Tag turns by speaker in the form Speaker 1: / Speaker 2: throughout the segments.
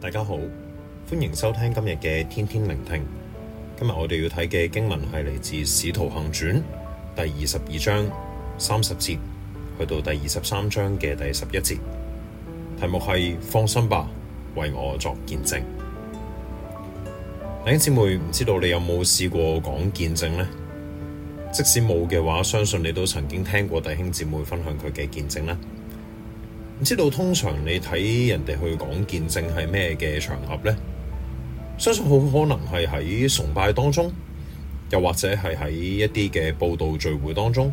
Speaker 1: 大家好，歡迎收聽今日嘅天天靈聽。今日我哋要睇嘅經文係嚟自《使徒行傳》第二十二章三十節去到第二十三章嘅第十一節，題目係放心吧，為我作見證。弟兄姊妹，唔知道你有冇試過講見證呢？即使冇嘅話，相信你都曾經聽過弟兄姊妹分享佢嘅見證啦。唔知道通常你睇人哋去講見證係咩嘅場合咧？相信好可能係喺崇拜當中，又或者係喺一啲嘅佈道聚會當中。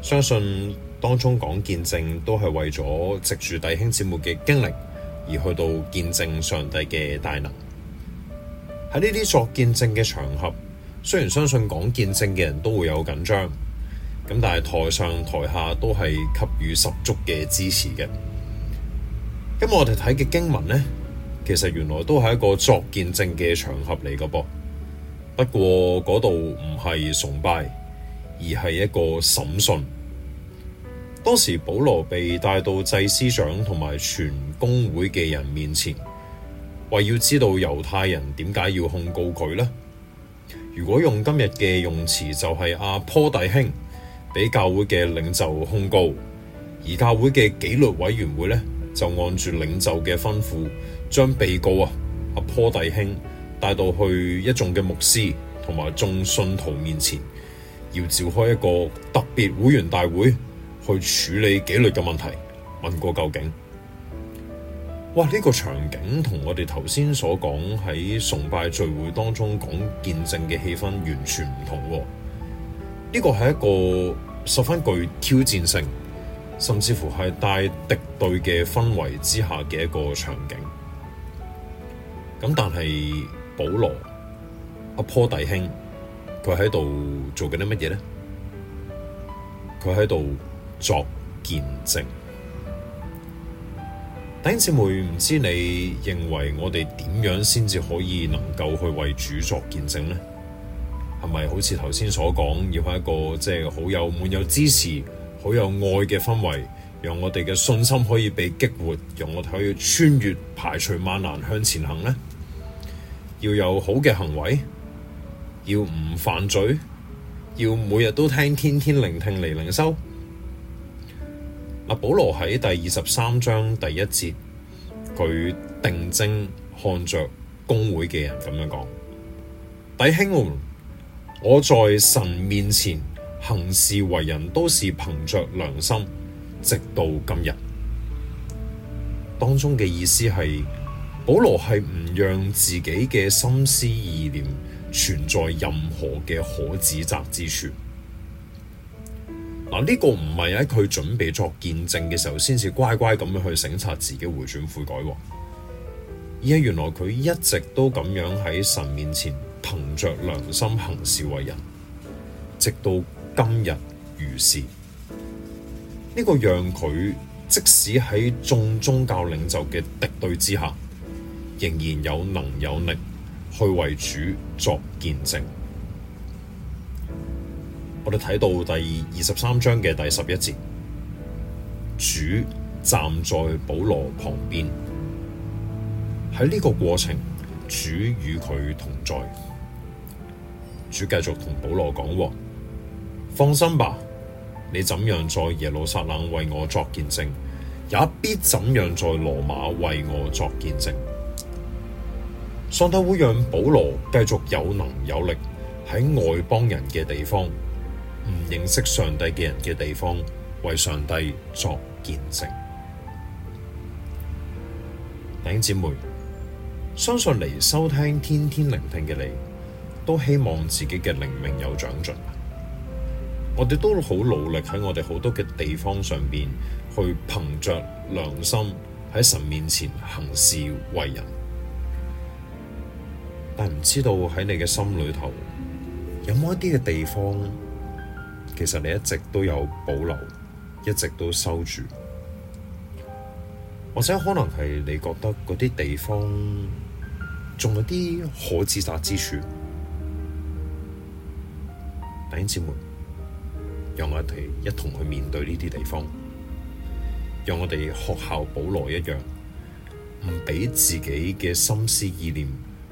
Speaker 1: 相信當中講見證都係為咗藉住弟兄姊妹嘅經歷，而去到見證上帝嘅大能。喺呢啲作見證嘅場合，雖然相信講見證嘅人都會有緊張。咁，但係台上台下都係給予十足嘅支持嘅。咁我哋睇嘅經文呢，其實原來都係一個作見證嘅場合嚟嘅噃。不過嗰度唔係崇拜，而係一個審訊。當時保羅被帶到祭司長同埋全公會嘅人面前，為要知道猶太人點解要控告佢呢。如果用今日嘅用詞，就係阿坡弟兄。俾教會嘅領袖控告，而教會嘅紀律委員會呢，就按住領袖嘅吩咐，將被告啊阿坡弟兄帶到去一眾嘅牧師同埋眾信徒面前，要召開一個特別會員大會去處理紀律嘅問題，問過究竟。哇！呢個場景同我哋頭先所講喺崇拜聚會當中講見證嘅氣氛完全唔同啊。呢個係一個十分具挑戰性，甚至乎係帶敵對嘅氛圍之下嘅一個場景。咁但係保羅阿坡弟兄，佢喺度做緊啲乜嘢咧？佢喺度作見證。弟兄姊妹，唔知你認為我哋點樣先至可以能夠去為主作見證咧？係咪好似頭先所講，要一個即係好有滿有支持、好有愛嘅氛圍，讓我哋嘅信心可以被激活，讓我哋去穿越排除萬難向前行呢？要有好嘅行為，要唔犯罪，要每日都聽天天聆聽嚟靈修。阿保羅喺第二十三章第一節，佢定睛看着公會嘅人咁樣講：弟兄們。我在神面前行事為人都是憑着良心，直到今日。當中嘅意思係保羅係唔讓自己嘅心思意念存在任何嘅可指責之處。嗱，呢個唔係喺佢準備作見證嘅時候，先至乖乖咁樣去省察自己回轉悔改。而家原來佢一直都咁樣喺神面前憑着良心行事為人，直到今日如是。呢、這個讓佢即使喺眾宗教領袖嘅敵對之下，仍然有能有力去為主作見證。我哋睇到第二十三章嘅第十一節，主站在保羅旁邊。喺呢個過程，主與佢同在。主繼續同保羅講話：放心吧，你怎樣在耶路撒冷為我作見證，也必怎樣在羅馬為我作見證。上帝會讓保羅繼續有能有力喺外邦人嘅地方，唔認識上帝嘅人嘅地方，為上帝作見證。弟兄姊妹。相信嚟收聽天天聆聽嘅你，都希望自己嘅靈命有長進。我哋都好努力喺我哋好多嘅地方上邊，去憑着良心喺神面前行事為人。但唔知道喺你嘅心裏頭，有冇一啲嘅地方，其實你一直都有保留，一直都收住。或者可能係你覺得嗰啲地方仲有啲可指責之處。弟兄姊妹，讓我哋一同去面對呢啲地方，讓我哋學效保羅一樣，唔畀自己嘅心思意念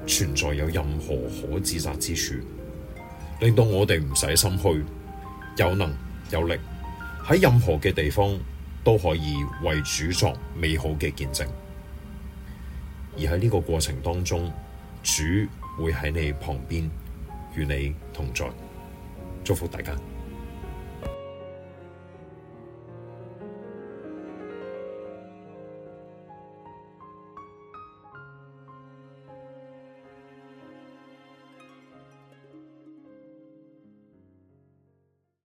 Speaker 1: 存在有任何可指責之處，令到我哋唔使心虛，有能有力喺任何嘅地方，都可以為主作美好嘅見證，而喺呢個過程當中，主會喺你旁邊，與你同在。祝福大家。